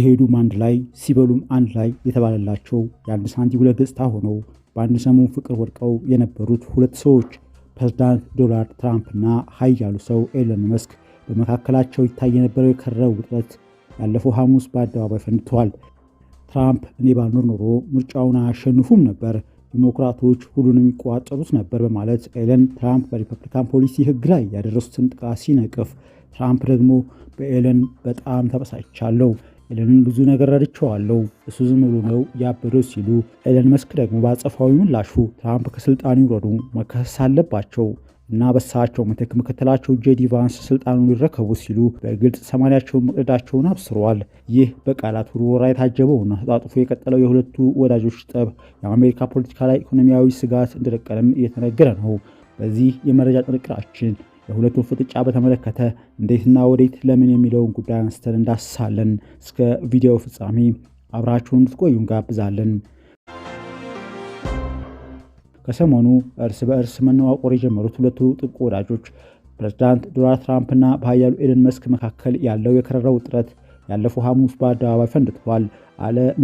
ሲሄዱም አንድ ላይ ሲበሉም አንድ ላይ የተባለላቸው የአንድ ሳንቲም ሁለት ገጽታ ሆነው በአንድ ሰሞን ፍቅር ወድቀው የነበሩት ሁለት ሰዎች ፕሬዝዳንት ዶናልድ ትራምፕና ኃያሉ ሰው ኤለን መስክ በመካከላቸው ይታይ የነበረው የከረው ውጥረት ያለፈው ሐሙስ በአደባባይ ፈንድተዋል። ትራምፕ እኔ ባልኖር ኖሮ ምርጫውን አያሸንፉም ነበር፣ ዲሞክራቶች ሁሉንም ይቋጠሩት ነበር በማለት ኤለን ትራምፕ በሪፐብሊካን ፖሊሲ ሕግ ላይ ያደረሱትን ጥቃት ሲነቅፍ፣ ትራምፕ ደግሞ በኤለን በጣም ተበሳጭቻለሁ ኤለንን ብዙ ነገር ረድቼዋለሁ፣ እሱ ዝም ብሎ ነው ያበደው ሲሉ፣ ኤለን መስክ ደግሞ በአጸፋዊ ምላሹ ትራምፕ ከስልጣን ይውረዱ፣ መከሰስ አለባቸው እና በሳቸው ምትክ ምክትላቸው ጄዲ ቫንስ ስልጣኑን ይረከቡ ሲሉ በግልጽ ሰማያቸውን መቅደዳቸውን አብስረዋል። ይህ በቃላት ውርወራ የታጀበውና ተጣጥፎ የቀጠለው የሁለቱ ወዳጆች ጠብ የአሜሪካ ፖለቲካ ላይ ኢኮኖሚያዊ ስጋት እንደደቀለም እየተነገረ ነው። በዚህ የመረጃ ጥንቅራችን የሁለቱን ፍጥጫ በተመለከተ እንዴትና ወዴት ለምን የሚለውን ጉዳይ አንስተን እንዳስሳለን። እስከ ቪዲዮ ፍጻሜ አብራችሁን እንድትቆዩ እንጋብዛለን። ከሰሞኑ እርስ በእርስ መነዋቆር የጀመሩት ሁለቱ ጥብቅ ወዳጆች ፕሬዝዳንት ዶናልድ ትራምፕና በኃያሉ ኤለን መስክ መካከል ያለው የከረረ ውጥረት ያለፈው ሐሙስ በአደባባይ ፈንድቷል።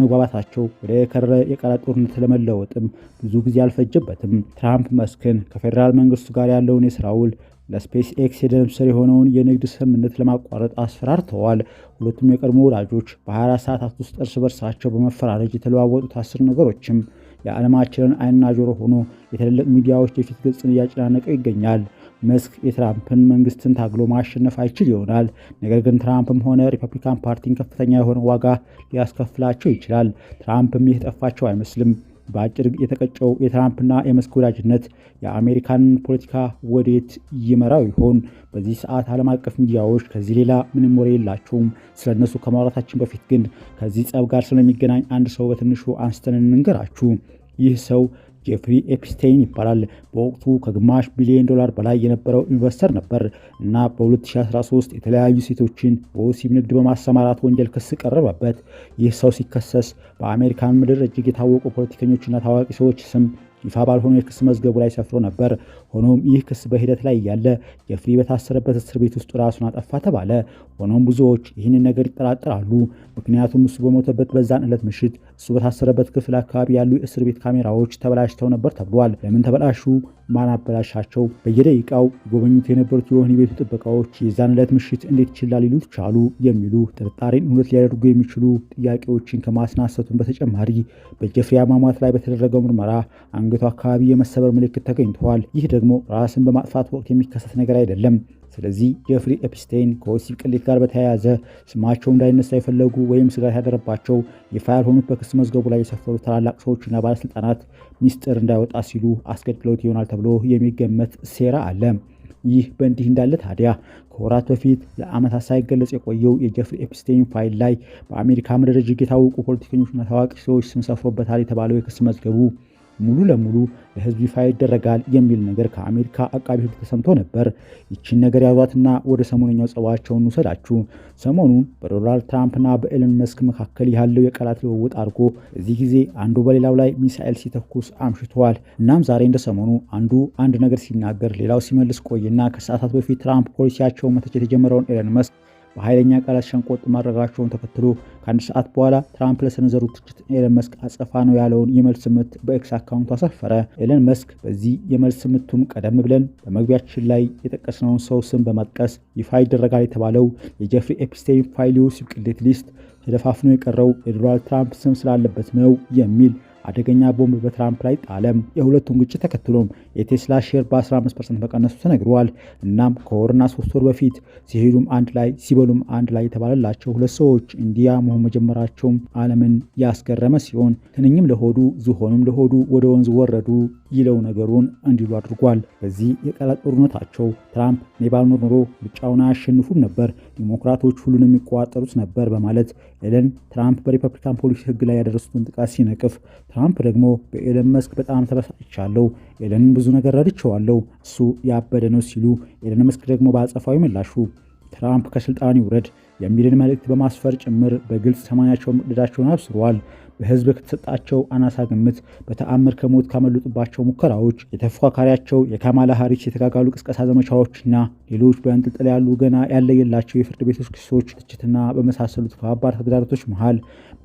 መግባባታቸው ወደ የከረረ የቃላት ጦርነት ለመለወጥም ብዙ ጊዜ አልፈጀበትም። ትራምፕ መስክን ከፌዴራል መንግስቱ ጋር ያለውን የስራ ውል ለስፔስ ኤክስ የደም ስር የሆነውን የንግድ ስምምነት ለማቋረጥ አስፈራርተዋል። ሁለቱም የቀድሞ ወዳጆች በ24 ሰዓታት ውስጥ እርስ በርሳቸው በመፈራረጅ የተለዋወጡት አስር ነገሮችም የዓለማችንን አይንና ጆሮ ሆኖ የትልልቅ ሚዲያዎች የፊት ገጽን እያጨናነቀው ይገኛል። መስክ የትራምፕን መንግስትን ታግሎ ማሸነፍ አይችል ይሆናል። ነገር ግን ትራምፕም ሆነ ሪፐብሊካን ፓርቲን ከፍተኛ የሆነ ዋጋ ሊያስከፍላቸው ይችላል። ትራምፕም የተጠፋቸው አይመስልም። በአጭር የተቀጨው የትራምፕና የመስክ ወዳጅነት የአሜሪካን ፖለቲካ ወዴት ይመራው ይሆን? በዚህ ሰዓት ዓለም አቀፍ ሚዲያዎች ከዚህ ሌላ ምንም ወሬ የላቸውም። ስለ እነሱ ከማውራታችን በፊት ግን ከዚህ ጸብ ጋር ስለሚገናኝ አንድ ሰው በትንሹ አንስተን እንንገራችሁ። ይህ ሰው ጄፍሪ ኤፕስቴይን ይባላል። በወቅቱ ከግማሽ ቢሊዮን ዶላር በላይ የነበረው ኢንቨስተር ነበር እና በ2013 የተለያዩ ሴቶችን በወሲብ ንግድ በማሰማራት ወንጀል ክስ ቀረበበት። ይህ ሰው ሲከሰስ በአሜሪካን ምድር እጅግ የታወቁ ፖለቲከኞችና ታዋቂ ሰዎች ስም ይፋ ባልሆነ የክስ መዝገቡ ላይ ሰፍሮ ነበር። ሆኖም ይህ ክስ በሂደት ላይ እያለ ጀፍሪ በታሰረበት እስር ቤት ውስጥ ራሱን አጠፋ ተባለ። ሆኖም ብዙዎች ይህንን ነገር ይጠራጠራሉ። ምክንያቱም እሱ በሞተበት በዛን ዕለት ምሽት እሱ በታሰረበት ክፍል አካባቢ ያሉ የእስር ቤት ካሜራዎች ተበላሽተው ነበር ተብሏል። ለምን ተበላሹ? ማን አበላሻቸው? በየደቂቃው ጎበኙት የነበሩት የወህኒ ቤቱ ጥበቃዎች የዛን ዕለት ምሽት እንዴት ችላ ሊሉት ቻሉ? የሚሉ ጥርጣሬን እውነት ሊያደርጉ የሚችሉ ጥያቄዎችን ከማስናሰቱን በተጨማሪ በጀፍሪ አሟሟት ላይ በተደረገው ምርመራ አንገቱ አካባቢ የመሰበር ምልክት ተገኝተዋል። ይህ ደግሞ ራስን በማጥፋት ወቅት የሚከሰት ነገር አይደለም። ስለዚህ ጀፍሪ ኤፕስቴን ከወሲብ ቅሌት ጋር በተያያዘ ስማቸው እንዳይነሳ የፈለጉ ወይም ስጋት ያደረባቸው ይፋ ያልሆኑት በክስ መዝገቡ ላይ የሰፈሩ ታላላቅ ሰዎችና ባለስልጣናት ሚስጥር እንዳይወጣ ሲሉ አስገድለውት ይሆናል ተብሎ የሚገመት ሴራ አለ። ይህ በእንዲህ እንዳለ ታዲያ ከወራት በፊት ለዓመታት ሳይገለጽ የቆየው የጀፍሪ ኤፕስቴን ፋይል ላይ በአሜሪካ ምድር እጅግ የታወቁ ፖለቲከኞችና ታዋቂ ሰዎች ስም ሰፍሮበታል የተባለው የክስ መዝገቡ ሙሉ ለሙሉ ለህዝብ ይፋ ይደረጋል የሚል ነገር ከአሜሪካ አቃቢ ህግ ተሰምቶ ነበር። ይቺን ነገር ያዟትና ወደ ሰሞነኛው ጸባቸውን ውሰዳችሁ። ሰሞኑን በዶናልድ ትራምፕና በኤለን መስክ መካከል ያለው የቃላት ልውውጥ አድርጎ እዚህ ጊዜ አንዱ በሌላው ላይ ሚሳኤል ሲተኩስ አምሽተዋል። እናም ዛሬ እንደ ሰሞኑ አንዱ አንድ ነገር ሲናገር ሌላው ሲመልስ ቆይና ከሰዓታት በፊት ትራምፕ ፖሊሲያቸውን መተች የጀመረውን ኤለን መስክ በኃይለኛ ቃላት ሸንቆጥ ማድረጋቸውን ተከትሎ ከአንድ ሰዓት በኋላ ትራምፕ ለሰነዘሩ ትችት ኤለን መስክ አጸፋ ነው ያለውን የመልስ ምት በኤክስ አካውንቱ አሰፈረ። ኤለን መስክ በዚህ የመልስ ምቱም ቀደም ብለን በመግቢያችን ላይ የጠቀስነውን ሰው ስም በመጥቀስ ይፋ ይደረጋል የተባለው የጀፍሪ ኤፕስቴን ፋይል የወሲብ ቅሌት ሊስት ተደፋፍኖ የቀረው የዶናልድ ትራምፕ ስም ስላለበት ነው የሚል አደገኛ ቦምብ በትራምፕ ላይ ጣለም። የሁለቱን ግጭት ተከትሎም የቴስላ ሼር በ15% መቀነሱ ተነግሯል። እናም ከወርና ሶስት ወር በፊት ሲሄዱም አንድ ላይ ሲበሉም አንድ ላይ የተባለላቸው ሁለት ሰዎች እንዲያ መሆን መጀመራቸውም ዓለምን ያስገረመ ሲሆን ትንኝም ለሆዱ ዝሆንም ለሆዱ ወደ ወንዝ ወረዱ ይለው ነገሩን እንዲሉ አድርጓል። በዚህ የቃላት ጦርነታቸው ትራምፕ እኔ ባልኖር ኖሮ ምርጫውን አያሸንፉም ነበር፣ ዲሞክራቶች ሁሉንም የሚቆጣጠሩት ነበር በማለት ኤለን ትራምፕ በሪፐብሊካን ፖሊሲ ህግ ላይ ያደረሱትን ጥቃት ሲነቅፍ ትራምፕ ደግሞ በኤለን መስክ በጣም ተበሳጭቻለሁ፣ ኤለን ብዙ ነገር ረድቸዋለሁ፣ እሱ ያበደ ነው ሲሉ ኤለን መስክ ደግሞ በአጸፋዊ ምላሹ ትራምፕ ከስልጣን ይውረድ የሚልን መልእክት በማስፈር ጭምር በግልጽ ሰማያቸውን መቅደዳቸውን አብስረዋል። በህዝብ ከተሰጣቸው አናሳ ግምት በተአምር ከሞት ካመለጡባቸው ሙከራዎች የተፎካካሪያቸው የካማላ ሀሪስ የተጋጋሉ ቅስቀሳ ዘመቻዎችና ሌሎች በእንጥልጥል ያሉ ገና ያለየላቸው የፍርድ ቤቶች ክሶች፣ ትችትና በመሳሰሉት ከባባድ ተግዳሮቶች መሃል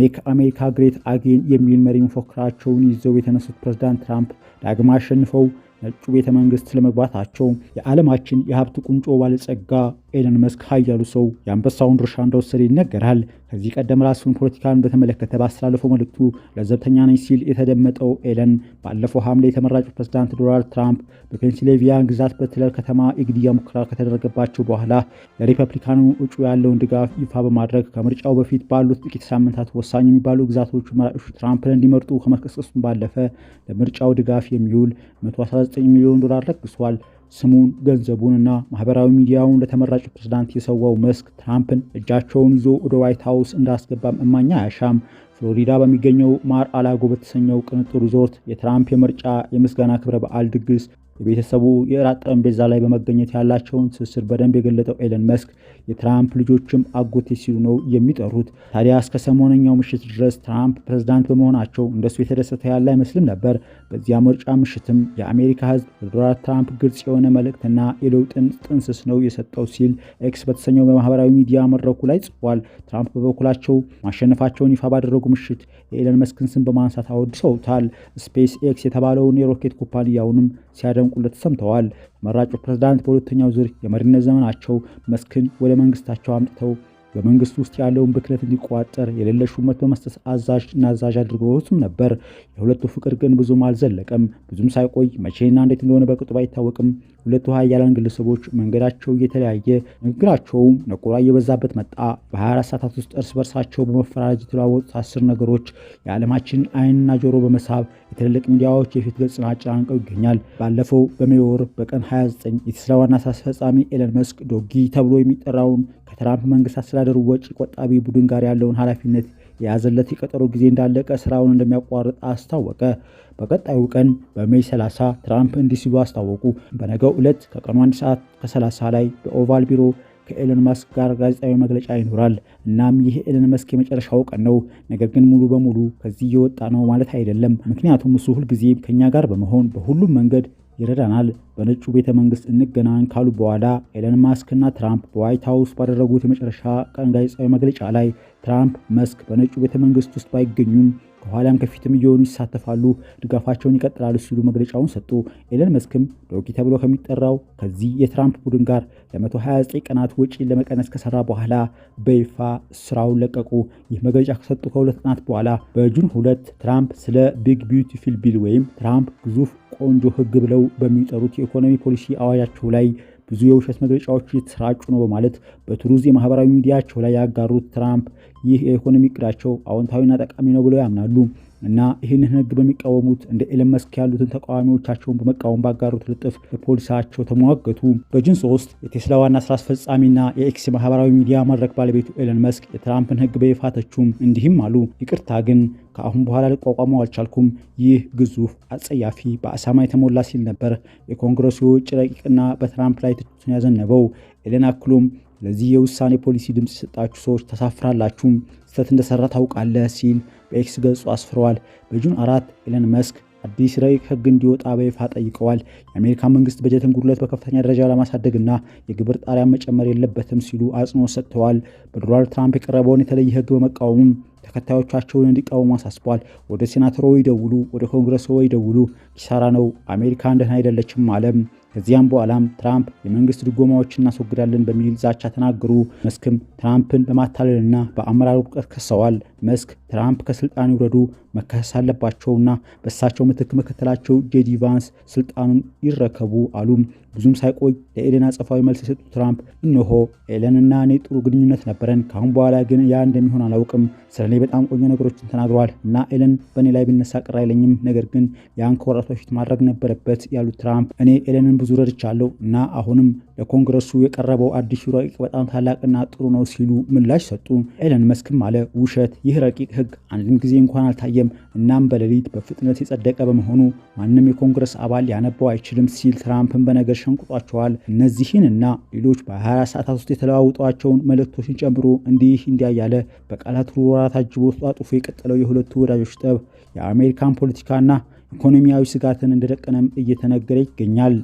ሜክ አሜሪካ ግሬት አጌን የሚል መሪ መፎክራቸውን ይዘው የተነሱት ፕሬዝዳንት ትራምፕ ዳግማ አሸንፈው ነጩ ቤተ መንግስት ስለመግባታቸው የዓለማችን የሀብት ቁንጮ ባለጸጋ ኤለን መስክ ኃያሉ ሰው የአንበሳውን ድርሻ እንደወሰደ ይነገራል። ከዚህ ቀደም ራሱን ፖለቲካን በተመለከተ ባስተላለፈው መልእክቱ ለዘብተኛ ነኝ ሲል የተደመጠው ኤለን ባለፈው ሐምሌ የተመራጩ ፕሬዝዳንት ዶናልድ ትራምፕ በፔንሲልቬኒያ ግዛት በትለር ከተማ የግድያ ሙከራ ከተደረገባቸው በኋላ ለሪፐብሊካኑ እጩ ያለውን ድጋፍ ይፋ በማድረግ ከምርጫው በፊት ባሉት ጥቂት ሳምንታት ወሳኝ የሚባሉ ግዛቶቹ መራጮች ትራምፕን እንዲመርጡ ከመቀስቀሱም ባለፈ ለምርጫው ድጋፍ የሚውል 119 ሚሊዮን ዶላር ለግሷል። ስሙን ገንዘቡንና ማህበራዊ ሚዲያውን ለተመራጭ ፕሬዝዳንት የሰዋው መስክ ትራምፕን እጃቸውን ይዞ ወደ ዋይት ሀውስ እንዳስገባም እማኛ አያሻም። ፍሎሪዳ በሚገኘው ማር አላጎ በተሰኘው ቅንጡ ሪዞርት የትራምፕ የምርጫ የምስጋና ክብረ በዓል ድግስ የቤተሰቡ የእራት ጠረጴዛ ላይ በመገኘት ያላቸውን ትስስር በደንብ የገለጠው ኤለን መስክ የትራምፕ ልጆችም አጎቴ ሲሉ ነው የሚጠሩት። ታዲያ እስከ ሰሞነኛው ምሽት ድረስ ትራምፕ ፕሬዝዳንት በመሆናቸው እንደሱ የተደሰተ ያለ አይመስልም ነበር። በዚያ ምርጫ ምሽትም የአሜሪካ ሕዝብ ለዶናልድ ትራምፕ ግልጽ የሆነ መልእክትና የለውጥን ጥንስስ ነው የሰጠው ሲል ኤክስ በተሰኘው በማህበራዊ ሚዲያ መድረኩ ላይ ጽፏል። ትራምፕ በበኩላቸው ማሸነፋቸውን ይፋ ባደረጉ ምሽት የኤለን መስክን ስም በማንሳት አወድሰውታል። ስፔስ ኤክስ የተባለውን የሮኬት ኩባንያውንም ሲያደ ሲያደንቁለት ሰምተዋል። ተመራጩ ፕሬዝዳንት በሁለተኛው ዙር የመሪነት ዘመናቸው መስክን ወደ መንግስታቸው አምጥተው በመንግስት ውስጥ ያለውን ብክለት እንዲቋጠር የሌለ ሹመት በመስጠት አዛዥ ናዛዥ አድርገውትም ነበር። የሁለቱ ፍቅር ግን ብዙም አልዘለቀም። ብዙም ሳይቆይ መቼና እንዴት እንደሆነ በቅጡ ባይታወቅም ሁለቱ ሀያላን ግለሰቦች መንገዳቸው እየተለያየ ንግግራቸውም ነቆራ እየበዛበት መጣ። በ24 ሰዓታት ውስጥ እርስ በርሳቸው በመፈራረጅ የተለዋወጡት አስር ነገሮች የዓለማችን አይንና ጆሮ በመሳብ የትልልቅ ሚዲያዎች የፊት ገጽን አጨናንቀው ይገኛል። ባለፈው በሜይ ወር በቀን 29 የቴስላ ዋና ስራ አስፈጻሚ ኤለን መስክ ዶጊ ተብሎ የሚጠራውን ከትራምፕ መንግስት አስተዳደሩ ወጪ ቆጣቢ ቡድን ጋር ያለውን ኃላፊነት የያዘለት የቀጠሮ ጊዜ እንዳለቀ ስራውን እንደሚያቋርጥ አስታወቀ። በቀጣዩ ቀን በሜይ 30 ትራምፕ እንዲህ ሲሉ አስታወቁ። በነገው ዕለት ከቀኑ 1 ሰዓት ከ30 ላይ በኦቫል ቢሮ ከኤለን ማስክ ጋር ጋዜጣዊ መግለጫ ይኖራል። እናም ይህ ኤለን መስክ የመጨረሻው ቀን ነው። ነገር ግን ሙሉ በሙሉ ከዚህ እየወጣ ነው ማለት አይደለም። ምክንያቱም እሱ ሁልጊዜ ከኛ ጋር በመሆን በሁሉም መንገድ ይረዳናል። በነጩ ቤተ መንግስት እንገናኝ ካሉ በኋላ ኤለን እና ትራምፕ በዋይት ሀውስ ባደረጉት የመጨረሻ ቀን ጋዜጣዊ መግለጫ ላይ ትራምፕ መስክ በነጩ ቤተ መንግስት ውስጥ ባይገኙም ከኋላም ከፊትም እየሆኑ ይሳተፋሉ፣ ድጋፋቸውን ይቀጥላሉ ሲሉ መግለጫውን ሰጡ። ኤለን መስክም ዶጊ ተብሎ ከሚጠራው ከዚህ የትራምፕ ቡድን ጋር ለ129 ቀናት ወጪን ለመቀነስ ከሰራ በኋላ በይፋ ስራውን ለቀቁ። ይህ መግለጫ ከሰጡ ከሁለት ቀናት በኋላ በጁን ሁለት ትራምፕ ስለ ቢግ ቢዩቲፊል ቢል ወይም ትራምፕ ግዙፍ ቆንጆ ህግ ብለው በሚጠሩት የኢኮኖሚ ፖሊሲ አዋጃቸው ላይ ብዙ የውሸት መግለጫዎች እየተሰራጩ ነው በማለት በቱሩዝ የማህበራዊ ሚዲያቸው ላይ ያጋሩት ትራምፕ ይህ የኢኮኖሚ እቅዳቸው አዎንታዊና ጠቃሚ ነው ብለው ያምናሉ። እና ይህንን ህግ በሚቃወሙት እንደ ኤለን መስክ ያሉትን ተቃዋሚዎቻቸውን በመቃወም ባጋሩት ልጥፍ ለፖሊሳቸው ተሟገቱ። በጁን 3 የቴስላ ዋና ስራ አስፈጻሚና የኤክስ ማህበራዊ ሚዲያ መድረክ ባለቤቱ ኤለን መስክ የትራምፕን ህግ በይፋ ተቹም። እንዲህም አሉ፣ ይቅርታ ግን ከአሁን በኋላ ሊቋቋመው አልቻልኩም። ይህ ግዙፍ፣ አጸያፊ፣ በአሳማ የተሞላ ሲል ነበር የኮንግረሱ የውጭ ረቂቅና በትራምፕ ላይ ትችቱን ያዘነበው። ኤለን አክሎም ለዚህ የውሳኔ ፖሊሲ ድምፅ የሰጣችሁ ሰዎች ተሳፍራላችሁም ስህተት እንደሰራ ታውቃለህ ሲል በኤክስ ገጹ አስፍረዋል። በጁን አራት ኤለን መስክ አዲስ ረቂቅ ሕግ እንዲወጣ በይፋ ጠይቀዋል። የአሜሪካ መንግስት በጀትን ጉድለት በከፍተኛ ደረጃ ለማሳደግና የግብር ጣሪያ መጨመር የለበትም ሲሉ አጽንኦት ሰጥተዋል። በዶናልድ ትራምፕ የቀረበውን የተለየ ህግ በመቃወሙም ተከታዮቻቸውን እንዲቃወሙ አሳስቧል። ወደ ሴናተሮ ይደውሉ፣ ወደ ኮንግረስ ይደውሉ፣ ኪሳራ ነው፣ አሜሪካ እንደህን አይደለችም አለም። ከዚያም በኋላም ትራምፕ የመንግስት ድጎማዎችን እናስወግዳለን በሚል ዛቻ ተናገሩ። መስክም ትራምፕን በማታለልና በአመራር እውቀት ከሰዋል። መስክ ትራምፕ ከስልጣን ይውረዱ፣ መከሰስ አለባቸውና በእሳቸው ምትክ ምክትላቸው ጄዲ ቫንስ ስልጣኑን ይረከቡ አሉ። ብዙም ሳይቆይ ለኤለን አጸፋዊ መልስ የሰጡት ትራምፕ እነሆ ኤለን እኔ ጥሩ ግንኙነት ነበረን፣ ከአሁን በኋላ ግን ያ እንደሚሆን አላውቅም። ስለ እኔ በጣም ቆዩ ነገሮችን ተናግረዋል እና ኤለን በእኔ ላይ ቢነሳ ቅር አይለኝም፣ ነገር ግን ያን ከወራቷ በፊት ማድረግ ነበረበት ያሉት ትራምፕ እኔ ኤለንን ብዙ ረድቻለሁ እና አሁንም ለኮንግረሱ የቀረበው አዲሱ ረቂቅ በጣም ታላቅና ጥሩ ነው ሲሉ ምላሽ ሰጡ። ኤለን መስክም አለ ውሸት፣ ይህ ረቂቅ ህግ አንድም ጊዜ እንኳን አልታየም አልታየም። እናም በሌሊት በፍጥነት የጸደቀ በመሆኑ ማንም የኮንግረስ አባል ሊያነበው አይችልም ሲል ትራምፕን በነገር ሸንቁጧቸዋል። እነዚህን እና ሌሎች በ24 ሰዓታት ውስጥ የተለዋውጧቸውን መልእክቶችን ጨምሮ እንዲህ እንዲያ ያለ በቃላት ሩራ ታጅቦ ተጧጡፎ የቀጠለው የሁለቱ ወዳጆች ጠብ የአሜሪካን ፖለቲካና ኢኮኖሚያዊ ስጋትን እንደደቀነም እየተነገረ ይገኛል።